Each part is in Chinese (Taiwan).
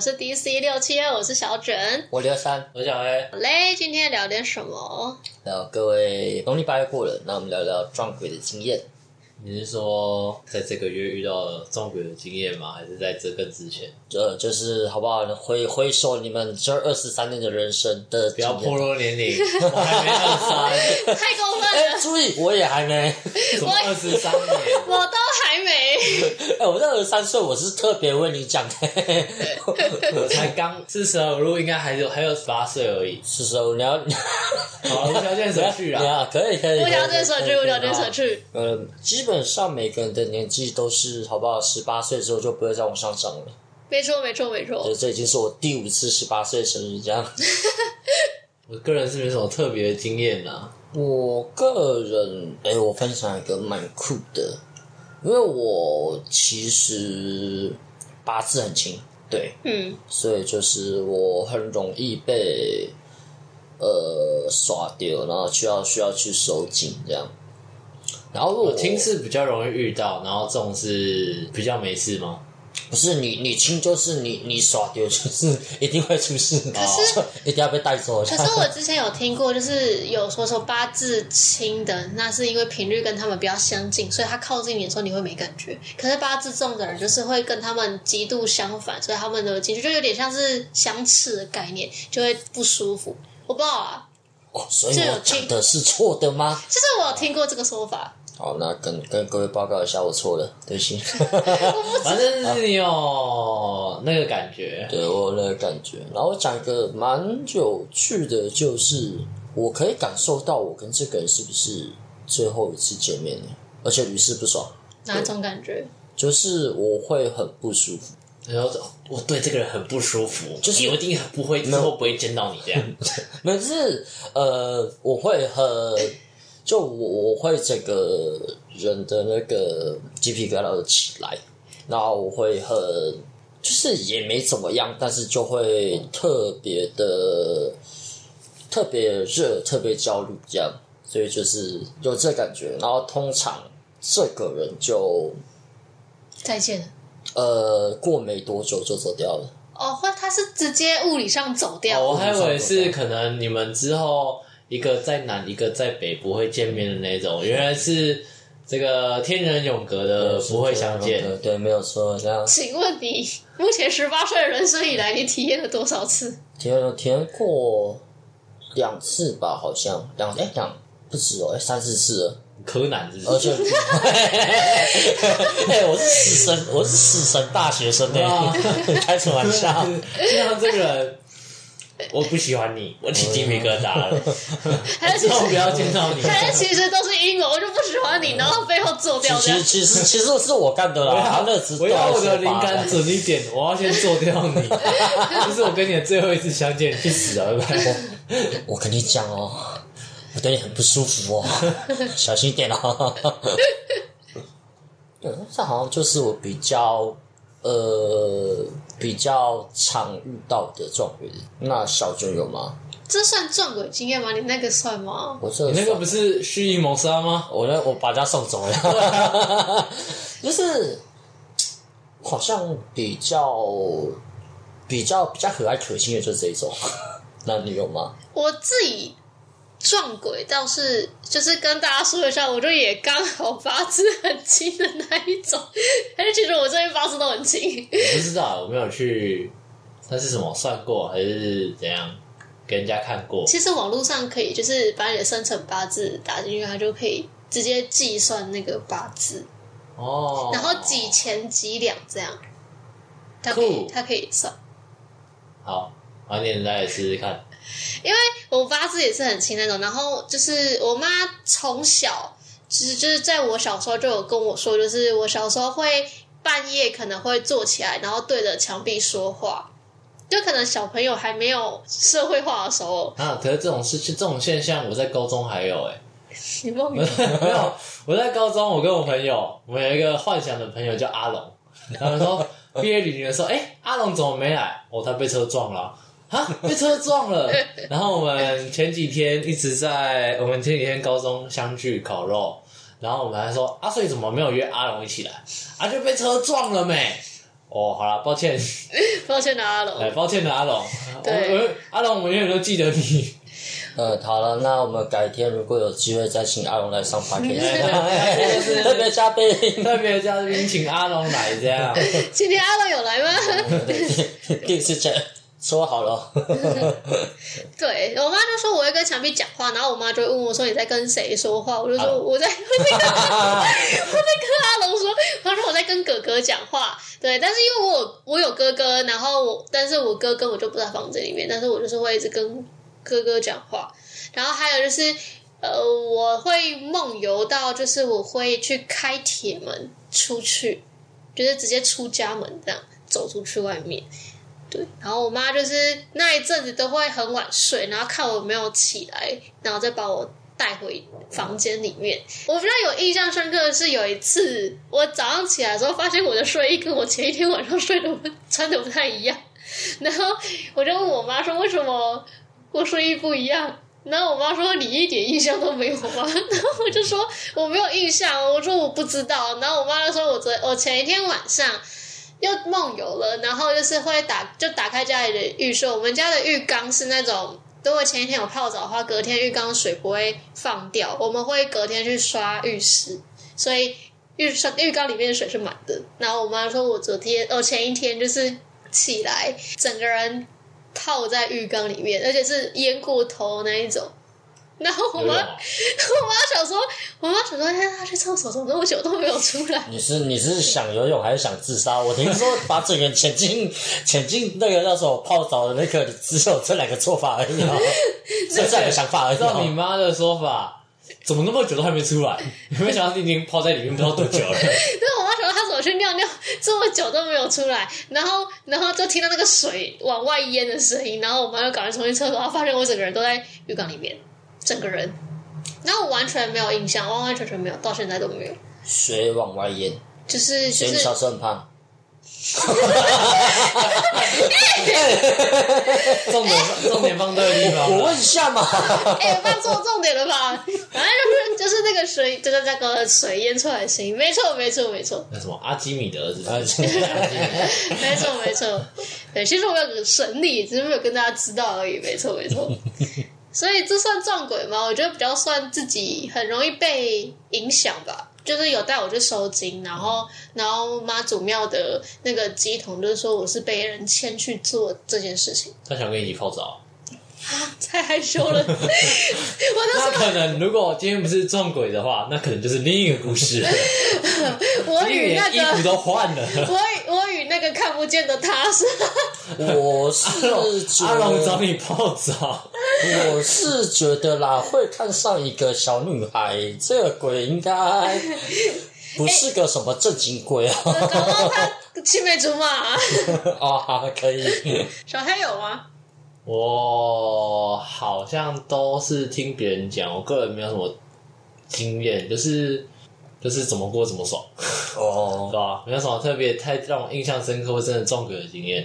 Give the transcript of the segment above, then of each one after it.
我是 DC 六七二，我是小卷，我六三，我小黑。好嘞，今天聊點什麼？然後各位農曆八月過了，那我們聊聊撞鬼的經驗。你是說在這個月遇到了撞鬼的經驗嗎？還是在這個之前？這就是好不好？揮揮手，你們這二十三年的人生的比較，不要破落年齡，我還沒二十三， 太過分了、欸！注意，我也還沒，我二十三年，我。我哎、 欸，我那二十三歲，我是特別為你講的。 我才剛是時候如果應該還有還有十八歲而已。是時候你要？你要好啦，無條件捨去啊！可以可以，無條件捨去，無條件捨去。嗯，基本上每個人的年紀都是，好不好？十八歲之後就不會再往上漲了。沒錯沒錯沒錯。這已經是我第五次十八歲的生日，這樣。 我個人是沒什麼特別的經驗啦，我個人，哎、欸，我分享一個蠻酷的。因為我其實八字很輕，對，嗯，所以就是我很容易被呃耍掉，然後需要需要去收緊這樣。然後如果聽是比較容易遇到，然後這種是比較沒事嗎？不是，你你輕就是你你耍丟就是一定會出事的，可是，哦、一定要被帶走。可是我之前有聽過，就是有說，說八字輕的，那是因為頻率跟他們比較相近，所以他靠近你的時候你會沒感覺。可是八字重的人就是會跟他們極度相反，所以他們的情緒就有點像是相斥的概念，就會不舒服。我不知道、啊哦，所以我講的是錯的嗎？其、就是我有聽過這個說法。好，那跟跟各位報告一下，我錯了，對不起，行 ， 反正是你哦。那個感覺，對，我有那個感覺。然後講一個蠻有趣的就是，我可以感受到我跟這個人是不是最後一次見面而且屢試不爽，哪種感覺？就是我會很不舒服，然後我對這個人很不舒服，就是一定不會，之後不會見到你這樣？每次、 就是、呃，我會很。就我，我會整個人的那個雞皮疙瘩起來，然後我會很，就是也沒怎麼樣，但是就會特別的特別熱、特別焦慮這樣，所以就是有這感覺。然後通常這個人就再見了，呃，過沒多久就走掉了。哦，或他是直接物理上走掉了？我還以為是可能你們之後。一個在南，一個在北，不會見面的那種。原來是這個天人永隔的，不會相見。嗯、對，對，沒有錯。這樣，請問你目前十八歲的人生以來，你體驗了多少次？體驗了，體驗過兩次吧，好像兩哎兩不止哦、欸，三四次。柯南是不是？我是死神，我是死神大學生呢、欸，哇 開什麼玩笑？ 就像這個人。我不喜歡你，我起雞皮疙瘩了。千萬不要見到你。其實都是陰謀，我就不喜歡你，然後背後做掉你。其實其實其實是我幹的啦。我要我的靈感準一點， 我要先做掉你。其實 我跟你的最後一次相見，你去死了唄。 我跟你講哦、喔，我對你很不舒服哦、喔， 小心一點哦、喔。 對，這好像就是我比較呃。比較常遇到的撞鬼，那小軍有嗎？這算撞鬼經驗嗎？你那個算嗎？我這、欸、你那個不是蓄意謀殺嗎？我我把他送走了， 就是好像比較比較比較可愛可親的就是這一種， 那你有嗎？我自己，撞鬼倒是，就是跟大家說一下，我就也剛好八字很輕的那一種，他就覺得我這邊八字都很輕。我不知道，我沒有去他是什麼算過還是怎樣，給人家看過。其實網絡上可以，就是把你的生辰八字打進去，他就可以直接計算那個八字哦，然後幾錢幾兩這樣，他可以他酷可以算。好，晚點再來試試看， 因為。我八字也是很輕那種，然後就是我媽從小，就是就是在我小時候就有跟我說，就是我小時候會半夜可能會坐起來，然後對着牆壁說話，就可能小朋友還沒有社會化的時候啊。可是這種事情，這種現象，我在高中還有哎、欸，你夢 沒有？我在高中，我跟我朋友，我有一個幻想的朋友叫阿龍，他們說畢業旅行的時候，哎、欸，阿龍怎麼沒來？哦，他被車撞了。啊！被車撞了。 然後我們前幾天一直在，我們前幾天高中相聚烤肉，然後我們還說阿、啊、瑞怎麼沒有約阿龍一起來？啊，就被車撞了沒？哦，好了，抱歉，抱歉了阿龍，抱歉了阿龍對，阿龍，我永遠都記得你。呃，好了，那我們改天如果有機會再請阿龍來上發片，特別嘉賓，特別嘉賓，請阿龍來這樣。今天阿龍有來嗎？對，電視真。說好了 對，對我媽就說我會跟牆壁講話，然後我媽就會問我說，你在跟誰說話？我就說我在、啊， 我在跟阿龍說，我說我在跟哥哥講話，對，但是因為我有我有哥哥，然後我但是我哥根本就不在房子裡面，但是我就是會一直跟哥哥講話，然後還有就是呃，我會夢遊到，就是我會去開鐵門出去，就是直接出家門這樣走出去外面。對，然後我媽就是那一陣子都會很晚睡，然後看我沒有起來，然後再把我帶回房間裡面。我非常有印象深刻的是有一次，我早上起來之後，發現我的睡衣跟我前一天晚上睡的穿的不太一樣，然後我就問我媽說：“為什麼我睡衣不一樣？”然後我媽說：“你一點印象都沒有嗎？”然後我就說：“我沒有印象，我說我不知道。”然後我媽就說我：“我昨我前一天晚上。”又夢遊了，然後就是會打，就打開家裡的浴室。我們家的浴缸是那種，如果前一天有泡澡的話，隔天浴缸水不會放掉，我們會隔天去刷浴室，所以浴刷，浴缸裡面的水是滿的。然後我媽說我昨天，哦，前一天就是起來，整個人泡在浴缸裡面，而且是淹過頭那一種。然後我媽，吧 我媽想說，我媽想說，哎，她去廁所怎麼那麼久都沒有出來？你是你是想游泳還是想自殺？ 我聽說《把整個前進前進》那個那時候泡澡的那個，只有這兩個做法而已啊，這兩個想法而已。照 你媽的說法，怎麼那麼久都還沒出來？ 你沒想到他已經泡在裡面不知道多久了？ 對，那我媽想說她怎麼去尿尿，這麼久都沒有出來，然後然後就聽到那個水往外淹的聲音，然後我媽又趕去衝進廁所，她發現我整個人都在浴缸裡面。整個人，那我完全沒有印象，完完全全沒有，到現在都沒有。水往外淹，就是就是小時候很胖。 欸、重點、欸、重點放對地方，我問一下嘛。哎、 欸，放錯重點了吧？ 反正、就是、就是那個水，就是那個水淹出來的聲音，沒錯沒錯沒錯。那什麼阿基米德是，是 沒錯？沒錯沒錯，對，其實我有個神力只是沒有跟大家知道而已，沒錯沒錯。 所以這算撞鬼嗎？我覺得比較算自己很容易被影響吧。就是有帶我去收金，然後然後媽祖廟的那個乩童就是說我是被人牽去做這件事情。他想跟你泡澡啊？太、啊、害羞了！ 我他說可能如果今天不是撞鬼的話，那可能就是另一個故事。 我與那個衣服都換了。 我我與那個看不見的他是， 我是阿龍找你泡澡，我是覺得啦，會看上一個小女孩，這個鬼應該不是個什麼正經鬼啊、欸，剛剛他青梅竹馬啊，可以，小黑有嗎？我好像都是聽別人講，我個人沒有什麼經驗，就是。就是怎麼過怎麼爽，是吧、oh. 對啊，沒有什麼特別太讓我印象深刻或真的撞鬼的經驗。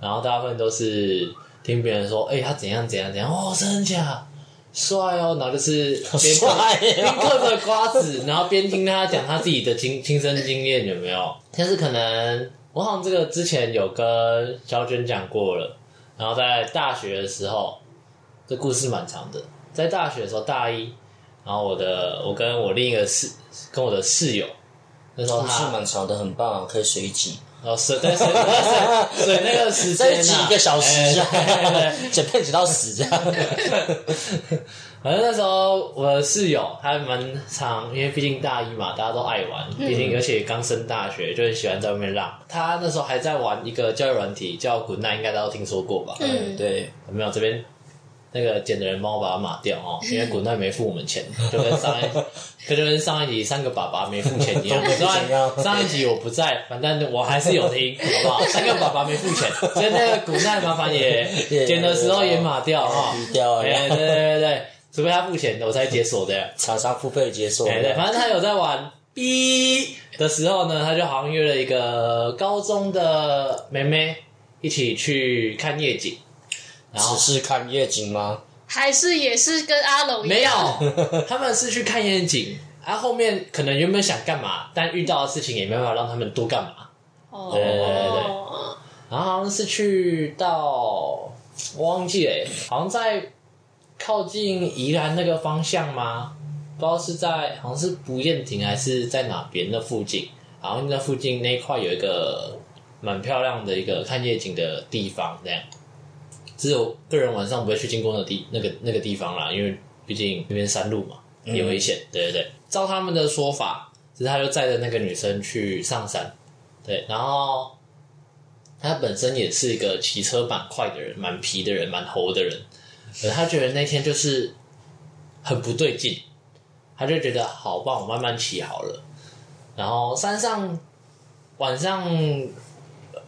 然後大部分都是聽別人說，哎、欸，他怎樣怎樣怎樣，哦、喔，真的假？帥哦、喔，然後就是別邊嗑着瓜子，然後邊聽他講他自己的經親身經驗有沒有？但是可能我好像這個之前有跟肖娟講過了。然後在大學的時候，這故事蠻長的。在大學的時候，大一。然後我的，我跟我另一個室，跟我的室友，那時候他、哦、是蠻吵的，很棒，啊，可以隨機，然後是，但是，哈哈哈那個是再擠一個小時，哈哈哈剪片擠到死這樣。 反正那時候我的室友還蠻常，因為畢竟大一嘛，大家都愛玩，畢、嗯、竟而且剛升大學，就很喜歡在外面浪。他那時候還在玩一個教育軟體，叫滾蛋，應該大家都聽說過吧？對、嗯、對，有沒有這邊。那個撿的人幫我把它碼掉哦、喔，因為古奈沒付我們錢，就跟上一， 就跟上一集三個爸爸沒付錢一樣。 不上一集我不在，反正我還是有聽， 好不好？三個爸爸沒付錢，所以那個古奈麻煩也撿 的時候也碼掉哈、喔。 對對對對，對除非他付錢，我才解鎖的。廠商付費解鎖，對，對對，反正他有在玩 B 的時候呢，他就好像約了一個高中的妹妹一起去看夜景。然後只是看夜景嗎？還是也是跟阿龍？沒有，他們是去看夜景。然、啊、後後面可能原本想幹嘛，但遇到的事情也沒辦法讓他們多幹嘛。哦，對，對對對。然後好像是去到，我忘記了，好像在靠近宜蘭那個方向嗎？不知道是在好像是不夜亭還是在哪邊的附近。然後那附近那塊有一個蠻漂亮的一個看夜景的地方，這樣。只有個人晚上不會去經過那地那個那個地方啦，因為畢竟那邊山路嘛，也危險，嗯、對對對。照他們的說法，其實他就載着那個女生去上山，對，然後他本身也是一個騎車蠻快的人，蠻皮的人，蠻猴的人，可是他覺得那天就是很不對勁，他就覺得好吧，我慢慢騎好了，然後山上晚上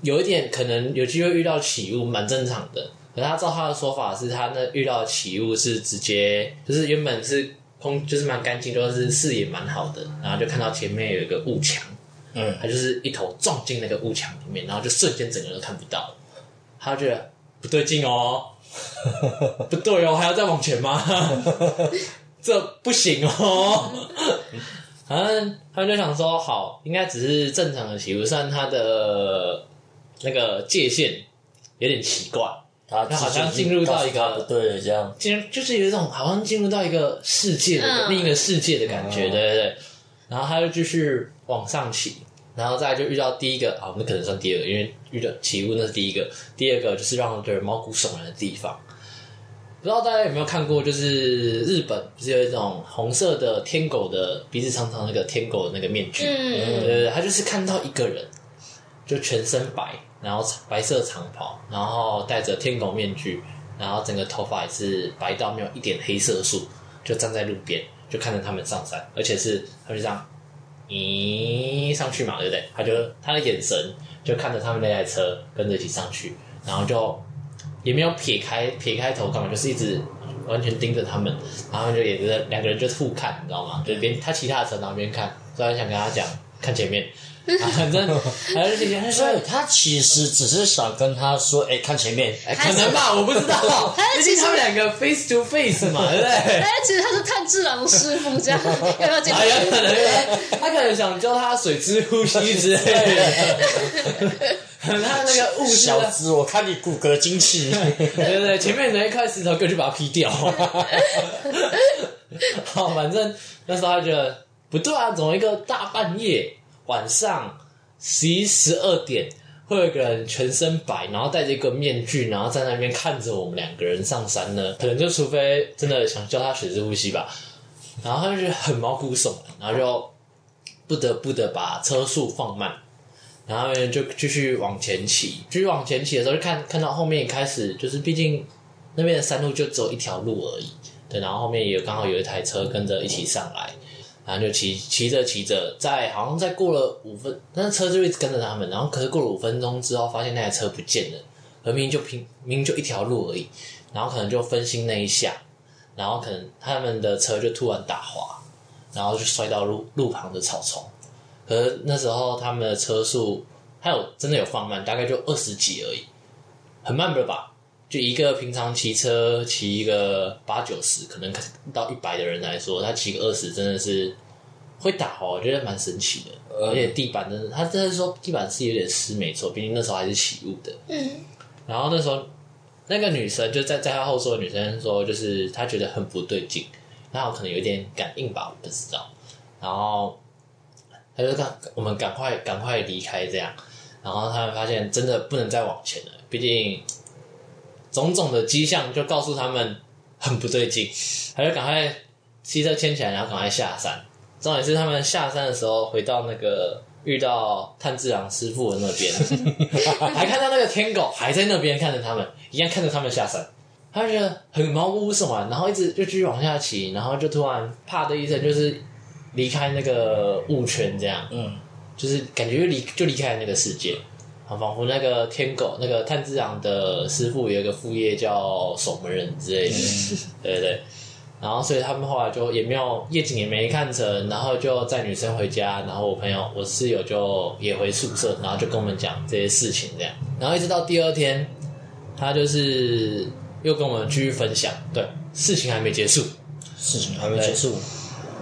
有一點可能有機會遇到起霧，蠻正常的。可他照他的說法是，他那遇到的起霧是直接就是原本是空，就是蠻乾淨，就是視野蠻好的，然後就看到前面有一個霧牆，嗯，他就是一頭撞進那個霧牆裡面，然後就瞬間整個人都看不到。他覺得不對勁哦，不對哦、喔，還要再往前嗎？這不行哦、喔。 反正他們就想說，好，應該只是正常的起霧，但他的那個界限有點奇怪。他好像進入到一個到對這樣，竟然就是有一種好像進入到一個世界的個，另、嗯、一個世界的感覺，嗯、對對對。然後他就繼續往上騎，然後再就遇到第一個啊，我、哦、們可能算第二個，因為遇到起霧那是第一個，第二個就是讓人毛骨悚然的地方。不知道大家有沒有看過，就是日本不是有一種紅色的天狗的鼻子長長那個天狗的那個面具？嗯、對,對對對，他就是看到一個人，就全身白。然後白色長袍，然後戴着天狗面具，然後整個頭髮也是白到沒有一點黑色素，就站在路邊，就看着他們上山，而且是他就這樣，咦，上去嘛，對不對？他就他的眼神就看着他們那台車跟着一起上去，然後就也沒有撇開撇開頭看嘛，就是一直完全盯着他們，然後就也是兩個人就互看，你知道嗎？就邊他其他的車，然後邊看，所以我想跟他講看前面。反正這些他說他其實只是想跟他說，哎，看前面。可能吧，我不知道，畢竟他們兩個 face to face 嘛，對不對？哎，其實他是炭治郎師傅，這樣有沒有？哎呀，可能，他可能想教他水之呼吸之類的。他那個悟性，小子，我看你骨骼驚奇，對不對？前面那一塊石頭，哥就把它劈掉。好，反正那時候他覺得不對啊，怎麼一個大半夜？晚上十一十二點，會有一個人全身白，然後戴着一個面具，然後站在那邊看着我們兩個人上山呢。可能就除非真的想教他雪地呼吸吧，然後他就很毛骨悚然，然後就不得不得把車速放慢，然後就繼續往前騎。繼續往前騎的時候，就看看到後面開始，就是畢竟那邊的山路就只有一條路而已，對，然後後面也剛好有一台車跟着一起上來。然後就騎騎着騎着，在好像再過了五分，那車就一直跟着他們，然後可是過了五分鐘之後，發現那台車不見了，而明明就平明明就一條路而已。然後可能就分心那一下，然後可能他們的車就突然打滑，然後就摔到路路旁的草叢。可那時候他們的車速還有真的有放慢，大概就二十幾而已，很慢的吧？就一個平常騎車騎一個八九十，可能到一百的人來說，他騎個二十真的是會打哦、喔，我覺得蠻神奇的。嗯、而且地板真的，他真的說地板是有點濕，沒錯，畢竟那時候還是起霧的。嗯，然後那時候那個女生就在在他後座的女生說，就是她覺得很不對勁，那我可能有點感應吧，我不知道。然後他就說我們趕快趕快離開這樣，然後他們發現真的不能再往前了，畢竟。種種的跡象就告訴他們很不對勁，還就趕快騎車牽起來，然後趕快下山。重點是他們下山的時候，回到那個遇到炭治郎師傅的那邊， 還看到那個天狗還在那邊看着他們，一樣看着他們下山。他就覺得很毛骨悚然，然後一直就繼續往下騎，然後就突然啪的一聲，就是離開那個霧圈，這樣，嗯，就是感覺就離就離開了那個世界。啊，仿佛那個天狗，那個炭治郎的師傅有一個副業叫守門人之類的，嗯、對，對對。然後，所以他們後來就也沒有，夜景也沒看成，然後就載女生回家，然後我朋友我室友就也回宿舍，然後就跟我們講這些事情這樣。然後一直到第二天，他就是又跟我們繼續分享，對，事情還沒結束，事情還沒結束。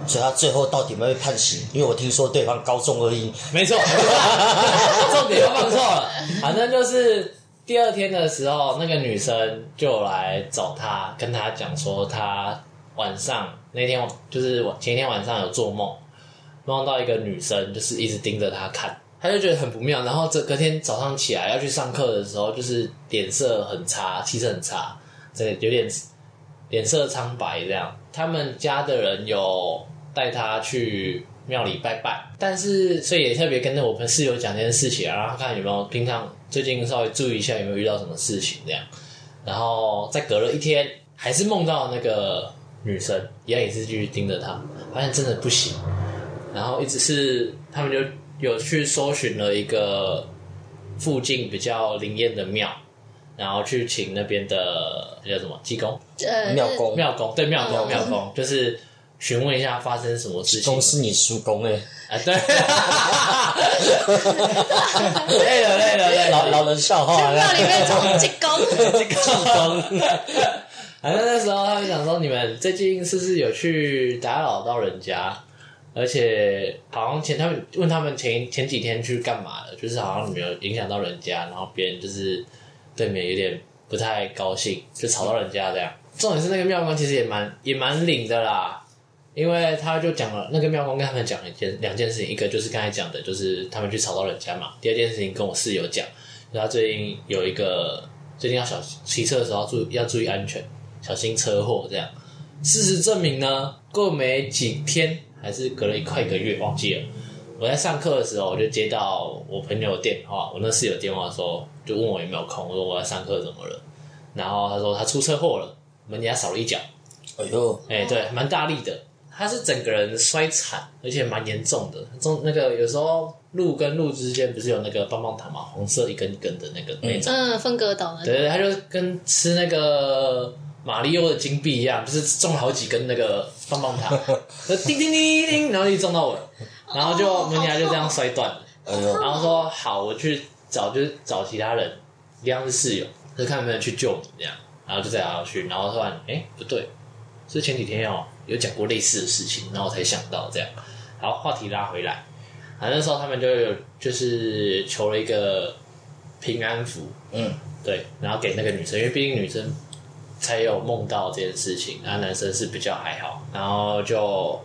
所以他最後到底有沒有判刑？因為我聽說對方高中而已。沒錯，沒錯 重點又放錯了。反正就是第二天的時候，那個女生就來找他，跟他講說，他晚上那天就是前一天晚上有做夢，夢到一個女生，就是一直盯着他看，他就覺得很不妙。然後這隔天早上起來要去上課的時候，就是臉色很差，氣色很差，這有點臉色蒼白這樣。他們家的人有。帶他去廟裡拜拜，但是所以也特別跟着我們室友講這件事情啊，然後看有沒有平常最近稍微注意一下有沒有遇到什麼事情這樣，然後再隔了一天還是夢到那個女生一樣，也是繼續盯着他，發現真的不行，然後一直是他們就有去搜尋了一個附近比較靈驗的廟，然後去請那邊的叫什麼濟公，呃，廟公廟公對廟公廟公就是。詢問一下發生什麼事情？總是你叔公哎啊，對，累了 累了累了， 老老人笑話了。廟裡面叔公，叔公。反正那時候他想說，你們最近是不是有去打擾到人家？而且好像前他們問他們前前幾天去幹嘛了，就是好像沒有影響到人家，然後別人就是對你有點不太高興，就吵到人家這樣。嗯、重點是那個廟官其實也蠻也蠻靈的啦。因為他就講了，那個廟公跟他們講了一件兩件事情，一個就是剛才講的，就是他們去吵到人家嘛。第二件事情跟我室友講，就是、他最近有一個最近要小心騎車的時候，注意要注意安全，小心車禍這樣。事實證明呢，過沒幾天還是隔了快一快個月，忘記了。我在上課的時候，我就接到我朋友電話，我那室友電話說，就問我有沒有空，我說我在上課，怎麼了？然後他說他出車禍了，門牙少了一角。哎呦，哎對，蠻大力的。他是整個人摔慘，而且蠻嚴重的。中那個有時候路跟路之間不是有那個棒棒糖嘛，紅色一根一根的那個那種。那嗯，分隔島。嘛。對，他就跟吃那個馬里奧的金幣一樣，就是中了好幾根那個棒棒糖，呵呵我叮，叮叮叮叮，然後就中到厚我，然後就門牙就這樣摔斷了。厚然後說好，我去找，就是找其他人，一樣是室友，就是、看有沒有人去救你這樣，然後就再要去，然後突然哎、欸、不對，是前幾天哦、喔。有講過類似的事情，然後才想到這樣。好，話題拉回來，啊，那時候他們就有就是求了一個平安符，嗯，對，然後給那個女生，因為畢竟女生才有夢到這件事情，然後，男生是比較還好，然後就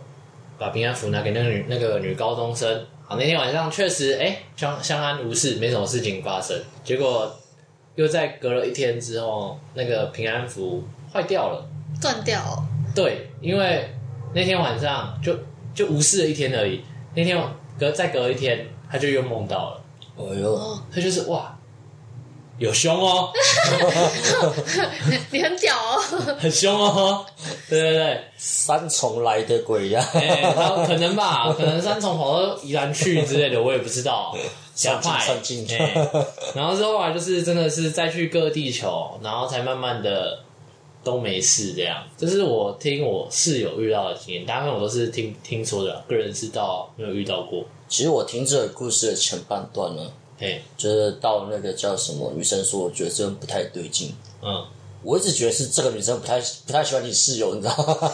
把平安符拿給那個女那個女高中生。好，那天晚上確實，哎、欸，相相安無事，沒什麼事情發生。結果又在隔了一天之後，那個平安符壞掉了，斷掉。對，因為那天晚上就就無事的一天而已。那天隔再隔一天，他就又夢到了。哎呦，他就是哇，有凶哦！你很屌，哦，很凶哦！對對對，三重來的鬼呀、啊 欸，然後可能吧，可能三重跑到宜蘭去之類的，我也不知道。想派進進、欸，然後之後啊就是真的是再去各地球，然後才慢慢的。都沒事這樣，這樣就是我聽我室友遇到的經驗，大部分我都是聽聽說的，個人知道，沒有遇到過。其實我聽這個故事的前半段呢，嘿，覺得到那個叫什麼女生說，我覺得真不太對勁。嗯，我一直覺得是這個女生不太不太喜歡你室友，你知道嗎？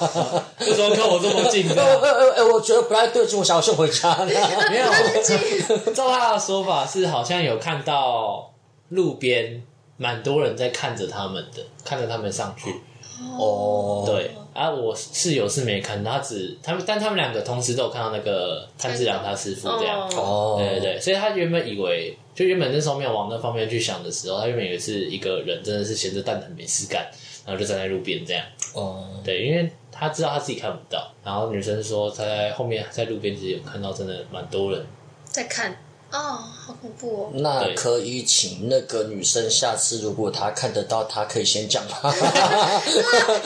為什麼看我這麼近這樣？沒，呃，呃，我覺得不太對勁，我想我先回家了。 沒有，照他的說法是好像有看到路邊。蠻多人在看着他們的，看着他們上去。哦，oh. 對，啊，我室友是沒看，他只他們，但他們兩個同時都有看到那個潘志良他師傅這樣。哦，oh. 對對對，所以他原本以為，就原本那時候沒有往那方面去想的時候，他原本以為是一個人真的是閒着蛋疼沒事幹，然後就站在路邊這樣。哦，oh. 對，因為他知道他自己看不到，然後女生說她在後面在路邊其實有看到，真的蠻多人在看。哦，oh, 好恐怖哦！那可以請那個女生，下次如果她看得到，她可以先講。對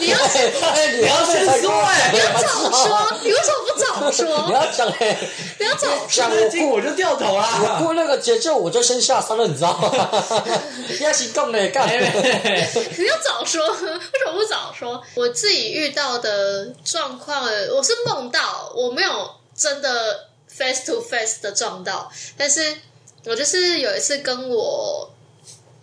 你要講，你要先說，你要早說， 你，說欸、你，你為什麼不早說？你要講哎、欸，你要講不要早。講了我就掉頭啦，我過那個節就我就先下山了，你知道嗎？ 你要琴講嘞，講嘞，hey, hey, hey. 你要早說，為什麼不早說？我自己遇到的狀況，我是夢到，我沒有真的。face to face 的撞到，但是我就是有一次跟我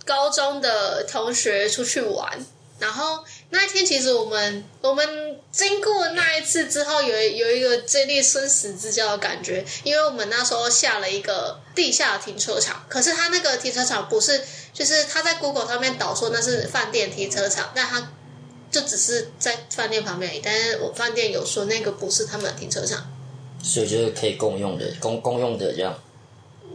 高中的同學出去玩，然後那一天其實我們我們經過那一次之後有，有有一個經歷生死之交的感覺，因為我們那時候下了一個地下停車場，可是他那個停車場不是，就是他在 Google 上面導說那是飯店停車場，但他就只是在飯店旁邊，但是我飯店有說那個不是他們的停車場。所以就是可以共用的，共共用的這樣。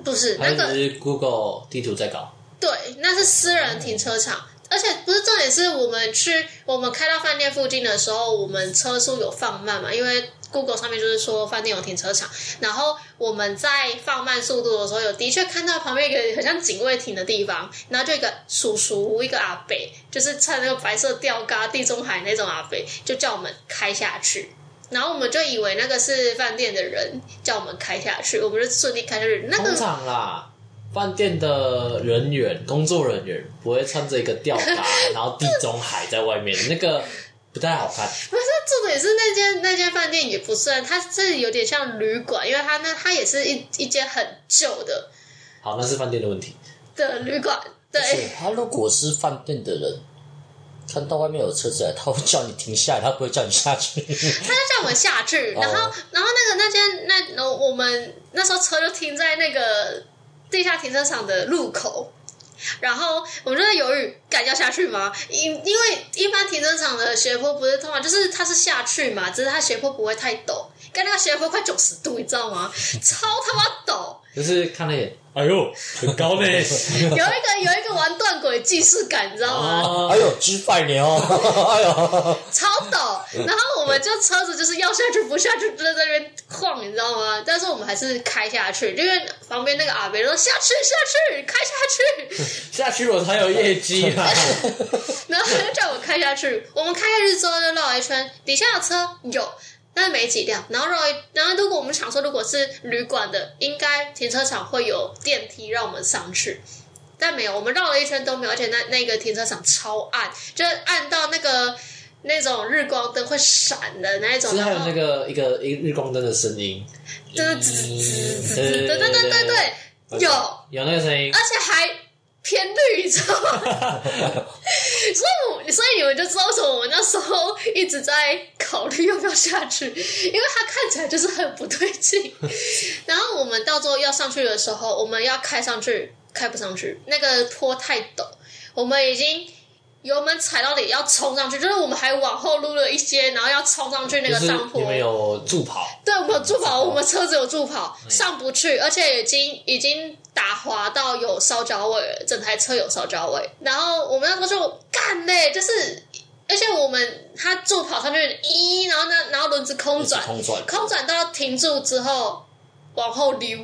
不是那個是是 Google 地圖在搞。對，那是私人停車場，嗯、而且不是重點。是我們去，我們開到飯店附近的時候，我們車速有放慢嘛？因為 Google 上面就是說飯店有停車場，然後我們在放慢速度的時候，有的確看到旁邊一個很像警衛亭的地方，然後就一個叔叔，一個阿北，就是穿那個白色吊嘎，地中海那種阿北，就叫我們開下去。然後我們就以為那個是飯店的人叫我們開下去，我們就順利開下去。那個、通常啦，飯店的人員、工作人員不會穿着一個吊帶， 然後地中海在外面， 那個不太好看。不是，重點是那間那間飯店，也不算，它是有點像旅館，因為它那它也是一一間很舊的。好，那是飯店的問題。的旅館對，他如果是飯店的人，但到外面有車子來，他會叫你停下來，他不會叫你下去。 他就叫我們下去，然後，oh. 然後那個那天那我們那時候車就停在那個地下停車場的路口，然後我們就在猶豫，敢要下去嗎？因因為一般停車場的斜坡不是通常就是它是下去嘛，只是它斜坡不會太陡，跟那個斜坡快九十度，你知道嗎？超他媽！就是看了一眼，哎呦，很高呢、欸！ 有一個有一個玩斷軌的既視感，你知道嗎？哎呦，幾百米哦！哎呦， 超陡！然後我們就車子就是要下去不下去，就在那邊晃，你知道嗎？但是我們還是開下去，因為旁邊那個阿伯說：“下去，下去，開下去， 下去我才有業績、啊、 然後就叫我開下去，我們開下去之後就繞一圈，底下的車有。但是沒幾輛，然後繞，然後如果我們想說，如果是旅館的，應該停車場會有電梯讓我們上去，但沒有，我們繞了一圈都沒有，而且那那個停車場超暗，就暗到那個那種日光燈會閃的那一種，是然後還有那個一個一日光燈的聲音，對對、嗯、對對對對對，對對對對有有那個聲音，而且還。偏綠，你知道嗎 所以我，所以你們就知道，從我們那時候一直在考慮要不要下去，因為它看起來就是很不對勁。然後我們到時候要上去的時候，我們要開上去，開不上去，那個坡太陡，我們已經。油門踩到底要衝上去，就是我們還往後溜了一些，然後要衝上去那個上坡。我們有，有助跑。對，我們有助跑，助跑我們車子有助跑，嗯、上不去，而且已經已經打滑到有燒焦味，整台車有燒焦味。然後我們那時候就幹嘞、欸，就是，而且我們他助跑上去咦，然後呢，然後輪子空轉，空轉到停住之後，往後溜。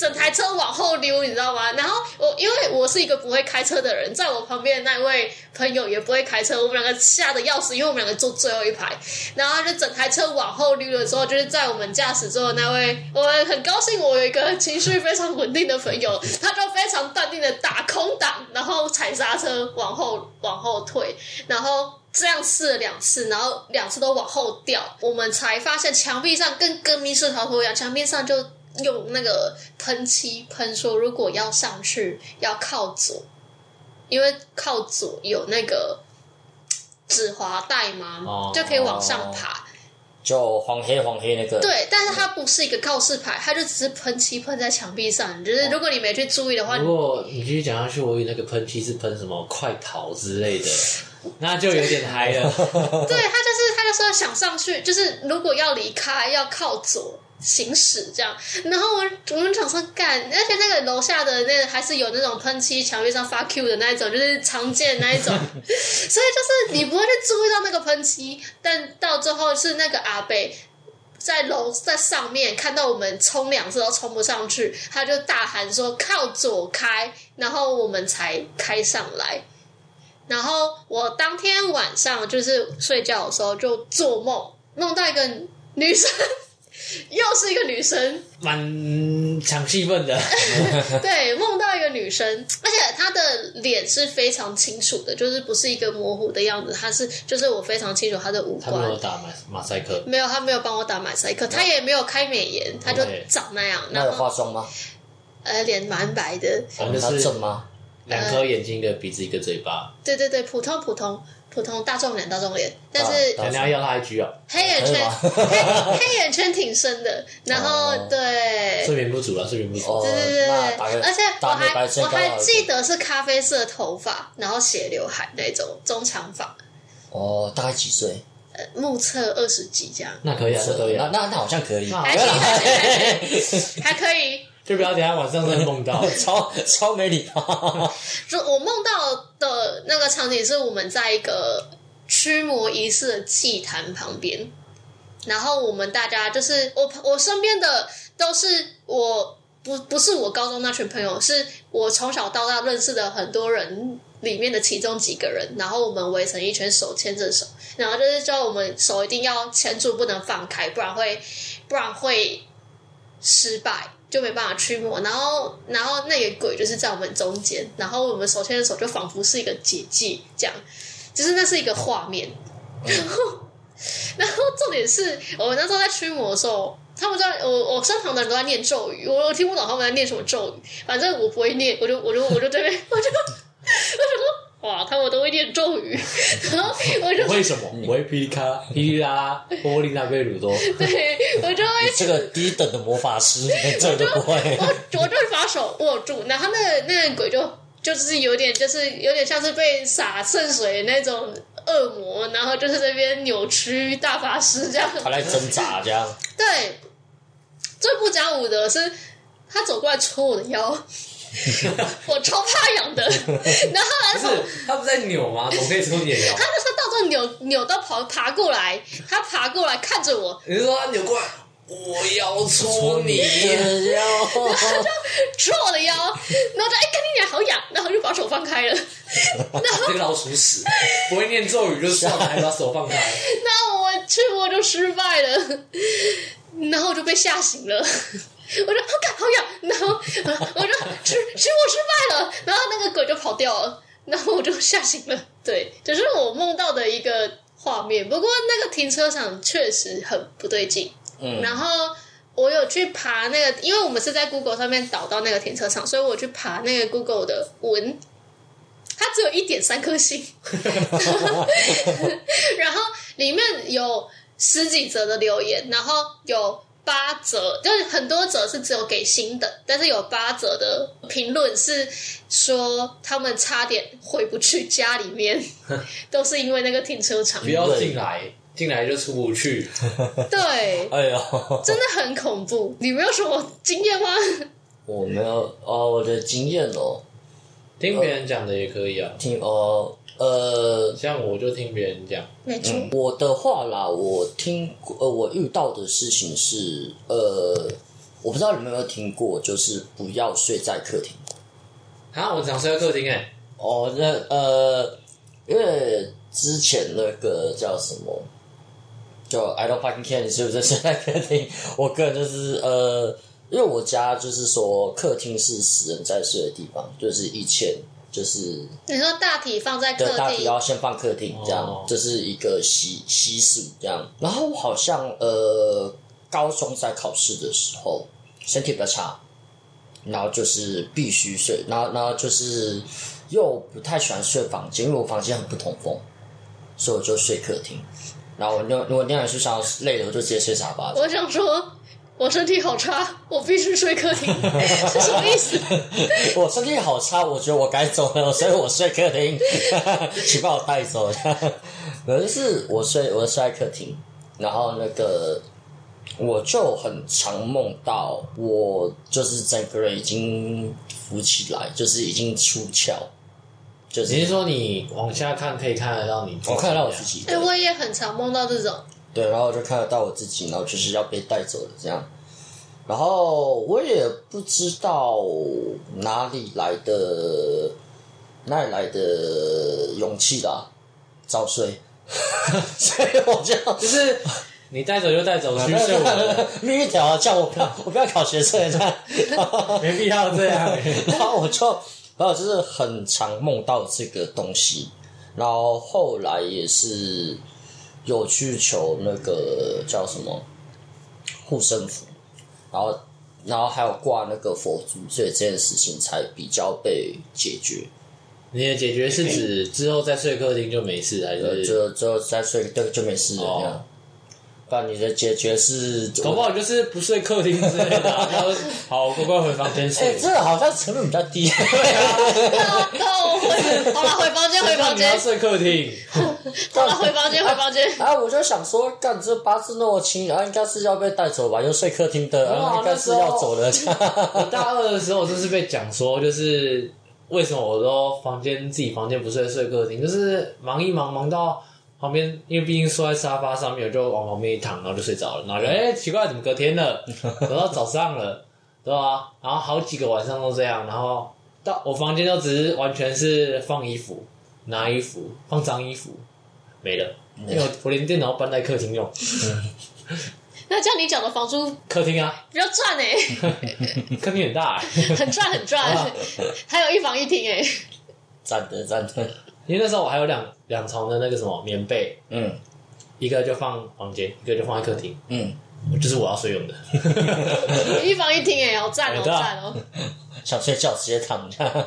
整台車往後溜，你知道嗎？然後我因為我是一個不會開車的人，在我旁邊的那一位朋友也不會開車，我們兩個嚇得要死，因為我們兩個坐最後一排。然後就整台車往後溜的時候，就是在我們駕駛座的那位，我很高興，我有一個情緒非常穩定的朋友，他就非常淡定的打空檔，然後踩剎車往後往後退，然後這樣試了兩次，然後兩次都往後掉，我們才發現牆壁上跟跟密室逃脫一樣，牆壁上就。用那個噴漆噴說，如果要上去，要靠左，因為靠左有那個止滑帶嘛，哦、就可以往上爬。就黃黑黃黑那個。對，但是它不是一個告示牌，它就只是噴漆噴在牆壁上，就是如果你沒去注意的話、哦。如果你繼續講下去，我以為那個噴漆是噴什麼快逃之類的， 就那就有點嗨了。 對他就是，他就說想上去，就是如果要離開，要靠左。行駛這樣，然後我我們打算干，而且那個樓下的那個還是有那種噴漆，牆壁上發 Q 的那一種，就是常見的那一種。 所以就是你不會去注意到那個噴漆，但到最後是那個阿伯在樓在上面看到我們衝兩次都衝不上去，他就大喊說靠左開，然後我們才開上來。然後我當天晚上就是睡覺的時候就做夢，夢到一個女生。又是一個女生滿，蠻搶戲份的。 對，夢到一個女生，而且她的臉是非常清楚的，就是不是一個模糊的樣子，她是就是我非常清楚她的五官。她沒有打馬賽克，沒有，她沒有幫我打馬賽克，啊、她也沒有開美顏，她就長那樣。那有化妝嗎？呃，臉蠻白的。反正她正嗎？兩顆、呃、眼睛，一個、呃、鼻子，一個嘴巴。對對對，普通普通。普通大眾臉，大眾臉，但是要一黑眼圈，黑眼圈挺深的，然後對睡眠不足了，睡眠不足，對對對對，而且我還我還記得是咖啡色頭髮，然後斜劉海那種中長髮，哦，大概幾歲？呃，目測二十幾這樣，那可以啊，那那好像可以，還可以，還可以。就不要等下晚上再夢到， 超超沒禮貌。 就我夢到的那個場景是我們在一個驅魔儀式的祭壇旁邊，然後我們大家就是我我身邊的都是我不不是我高中那群朋友，是我從小到大認識的很多人裡面的其中幾個人，然後我們圍成一圈手牽着手，然後就是叫我們手一定要牽住不能放開，不然會不然會失敗。就沒辦法驅魔，然後，然後那個鬼就是在我們中間，然後我們手牽着手，就仿佛是一個結界這樣，就是那是一個畫面。然後，然後重點是我那時候在驅魔的時候，他們在，我我身旁的人都在念咒語，我我聽不懂他們在念什麼咒語，反正我不會念，我就我就我就這邊我就我就。哇，看我都會念咒語，嗯、然後我就為什麼？我會噼裡咔、噼裡啪啦、波利納貝魯多。對我就會 這個低等的魔法師，這個都不會，我就我我就是把手握住， 然後他那個、那個鬼就就是有點就是有點像是被灑聖水那種惡魔，然後就是這邊扭曲大法師這樣，他來掙扎這樣。 對，最不講武德是他走過來戳我的腰。 我超怕癢的，然後，然後不是他不在扭嗎？我可以搓你呀，？ 就是。他他到處扭扭，扭到跑爬過來，他爬過來看着我。你說他扭過來，我要戳你的腰。 然後就戳我的腰， 然後他哎，跟你講好癢，然後就把手放開了。然後 那個老鼠屎，不會念咒語就算了， 還把手放開。那 我去摸就失敗了，然後我就被嚇醒了。我說好看好癢，然後我說娶娶，我失敗了，然後那個鬼就跑掉了，然後我就嚇醒了。對，就是我夢到的一個畫面。不過那個停車場確實很不對勁。嗯，然後我有去爬那個，因為我們是在 Google 上面導到那個停車場，所以我去爬那個 Google 的文，它只有一點三顆星。然後， 然後裡面有十幾則的留言，然後有。八折，就是很多折是只有給新的，但是有八折的評論是說他們差點回不去家裡面， 都是因為那個停車場。不要進來，進 來就出不去。對， 哎呀 呦，真的很恐怖。 你沒有什麼經驗嗎？我沒有哦，我的經驗哦，聽別人講的也可以啊，呃、聽哦。呃，像我就聽別人講，沒、嗯嗯、我的話啦，我聽呃，我遇到的事情是呃，我不知道你們有沒有聽過，就是不要睡在客廳。啊，我只想睡在客廳哎、欸。哦，那呃，因為之前那個叫什麼，叫 I don't fucking care，你是不是睡在客廳？我個人就是呃，因為我家就是說客廳是死人在睡的地方，就是以前。就是你說大體放在客廳，對大體要先放客廳這樣，這、哦、是一個習習俗這樣。然後好像呃，高中在考試的時候身體比較差，然後就是必須睡，然後然後就是又不太喜歡睡房間，因為我房間很不通風，所以我就睡客廳。然後我如果那是想要我第二天睡覺累的時候就直接睡沙發。我想說。我身體好差，我必須睡客廳， 是什麼意思？ 我身體好差，我覺得我該走了，所以我睡客廳，你 把我帶走。可， 就是我睡，我睡在客廳，然後那個我就很常夢到，我就是整個人已經浮起來，就是已經出竅。就是你是說你往下看可以看得到你，我看得到我自己。對、欸、我也很常夢到這種。對，然後我就看得到我自己，然後就是要被帶走了，這樣。然後我也不知道哪裡來的哪裡來的勇氣啦、啊。早睡， 所以我就就是你帶走就帶走，必 我睡。命運條叫我不要，我不要考學測，這樣 沒必要這樣。 然後我就，然 我就是很常夢到這個東西。 然後後來也是。有去求那個叫什麼護身符，然後然後還有掛那個佛珠，所以這件事情才比較被解決。你的解決是指 Okay. 之後再睡客廳就沒事，還是就就，就再睡就就沒事了，oh. 這樣？把你的解決是，搞不好就是不睡客廳之類的。然後好乖乖回房間睡。哎，這好像成本比較低。對啊，好啦，回來，回房間，回房間。睡客廳。好啦，回房間，回房間。然後我就想說，幹這八字那麼輕，然後應該是要被帶走吧？就睡客廳的，然後應該是要走的。我大二的時候，就是被講說，就是為什麼我都房間自己房間不睡，睡客廳，就是忙一忙忙到。旁邊，因為畢竟睡在沙发上面，我就往旁邊一躺，然後就睡着了。然後就，哎、嗯欸，奇怪，怎麼隔天了？隔到早上了，對吧、啊？然後好幾個晚上都這樣。然後，到我房間都只是完全是放衣服、拿衣服、放髒衣服，沒了。因為我，我連電腦搬在客廳用。嗯、 那這樣你講的房租？客廳啊，比較賺誒、欸、 客廳很大、欸，很賺很賺，吧還有一房一廳哎、欸。讚的讚的。因為那時候我還有兩兩床的那個什麼棉被，嗯，一個就放房間，一個就放在客廳，嗯，就是我要睡用的。 一房一廳哎，好讚哦，好讚哦，想睡覺直接躺一下。